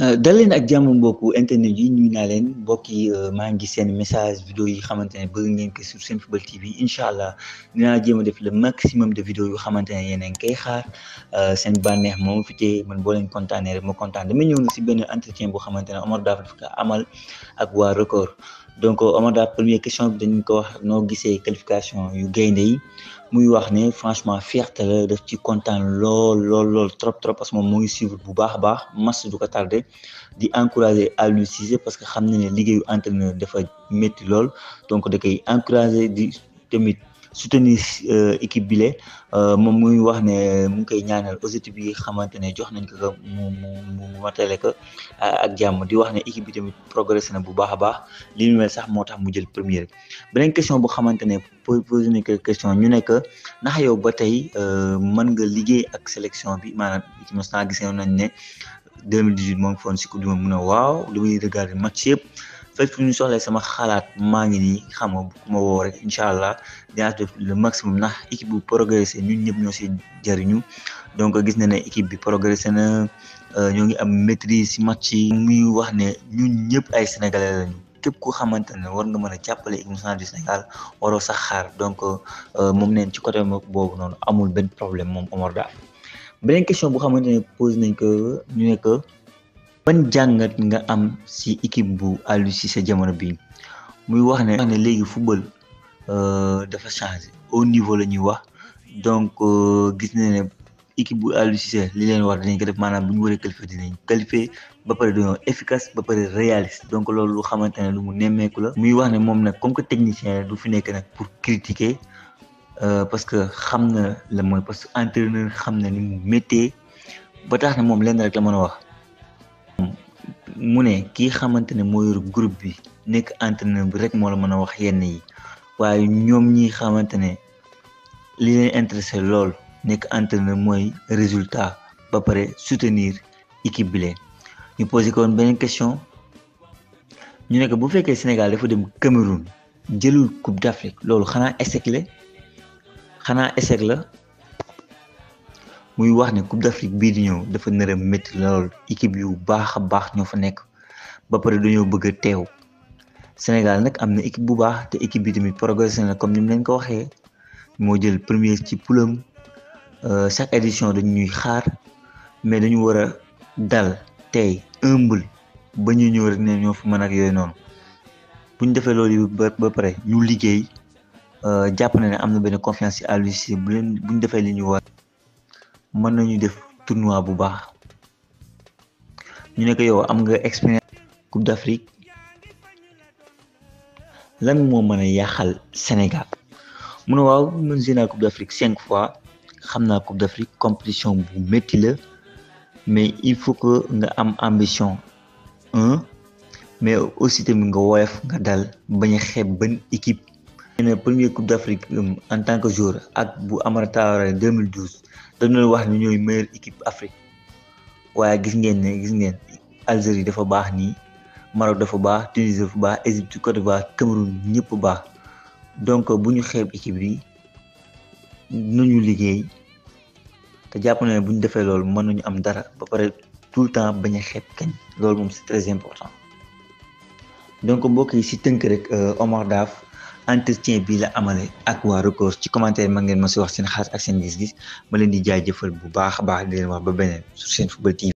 Euh, dal leen ak jàmm mbokku internet yi ñu naa leen mbokk yi euh, maa ngi seen message vidéo yi xamante ne bëgg ngeen ko sur Senfootball TV incha allah dinaa jéem a def le maximum de vidéo yu xamante ne yéen a ngi koy xaar euh, seen bànneex moom fi tee man boo leen kontaanee rek ma kontaan dama ñëw si benn entretien boo xamante ne Omar Daf dafa amal ak waa record donc Omar Daf première question bi dañ ko wax noo gisee qualification yu gaynde yi muy wax ne franchement fierté la def ci kontaan lool lool lool trop trop parce que moom moo bu baax a baax match du ko tardé di encourager Aliou Cissé parce que xam na ne liggéeyu entraîneur dafa métti lool donc da koy encourager di tamit. soutenir euh, équipe bi lee euh, moom muy wax ne mu ngi koy ñaanal objectif bi xamante ne jox nañ ko que mu mu mu ko ak jàmm di wax ne équipe bi tamit progressé na bu baax a baax li mu sax moo tax mu jël première beneen question bu xamante ne posé nañ ko question ñu nekk que ndax yow ba tey euh, mën nga liggéey ak sélection bi maanaam ci mos nañ ne 2018 moo ngi foon si coupe du monde mu waaw li muy regarder match yëpp. fépp fu ñu soxlee sama xalaat maa ngi nii xam nga bu ma woo rek incha allah dinaa def le maximum ndax équipe bu progressé ñun ñëpp ñoo si jëriñu donc gis na ne équipe bi progressé na euh, ñoo ngi am maîtrise si match yi muy wax ne ñu ñëpp ay sénégalais lañu képp ku xamante ne war nga mën a jàppale équipe nationale du Sénégal waroo sax xaar donc euh, moom neen ci côté boobu noonu amul benn problème moom Omar Daf beneen question bu xamante pose nañ ñu ne ban jàngat nga am si équipe bu Aliou Cissé jamono bi muy wax ne wax ne léegi football euh, dafa changé au niveau la ñuy wax donc euh, gis nañ ne équipe bu Aliou Cissé li leen wax dinañ ko def maanaam bu ñu waree qualifié dinañ qualifié ba pare dañoo efficace ba pare réaliste donc loolu lu xamante ne lu mu nemmeeku la muy wax ne moom nag comme que technicien du fi nekk nag pour critiquer euh, parce que xam na la mooy parce que entraîneur xam na ni mu méttee ba tax na moom lenn rek la mën a wax mu ne kii xamante ne moo yor groupe bi nekk entraîneur bi rek moo la mën a wax yenn yi waaye ñoom ñi xamante ne li leen intéressé lool nekk entraîneur mooy résultat ba pare soutenir équipe bi leen ñu posé ko beneen question ñu nekk bu fekkee Sénégal dafa dem Cameroun jëlul coupe d'Afrique loolu xanaa échec la xanaa échec la muy wax ne Coupe d'Afrique bii di ñëw dafa nar a métti lool équipe yu baax a baax ñoo fa nekk ba pare dañoo bëgg a teew Sénégal nag am na équipe bu baax te équipe bi tamit progressé na comme ni mu leen ko waxee moo jël premier ci poulam euh, chaque édition dañ ñuy xaar mais dañu war a dal tey humble ba ñu ñëw rek ne ñoo fa mën ak yooyu noonu bu ñu defee loolu ba ba pare ñu liggéey euh, jàpp na ne am na benn confiance ci àll bu ñu defee li ñu war. mën nañu def tournoi bu baax ñu ne yow am nga expérience Coupe d'Afrique lan moo mën a yàqal Sénégal mu ne waaw mën si naa Coupe d'Afrique cinq fois xam naa Coupe d'Afrique compétition bu métti la mais il faut que nga am ambition mais aussi tamit nga woyof nga dal bañ a xeeb benn équipe. ne premier coupe d'Afrique um, en tant que joueur ak bu Amara Traoré 2012 dañu doon wax ne ñooy meilleure équipe Afrique waaye gis ngeen ne gis ngeen Algérie dafa baax nii Maroc dafa baax Tunisie dafa baax Égypte Côte d'Ivoire Cameroun ñëpp baax donc bu ñu xeeb équipe bi nañu liggéey te jàpp na ne bu ñu defee loolu mën nañu am dara ba pare tout le temps bañ a xeeb kañ loolu moom c'est très important donc mbokk yi si tënk rek euh, Omar entretien bi la amale ak waa Record ci commentaire ma ngeen ma si wax seen xalaat ak seen gis-gis ma leen di jaajëfal bu baax a baax di leen wax ba beneen sur seen football TV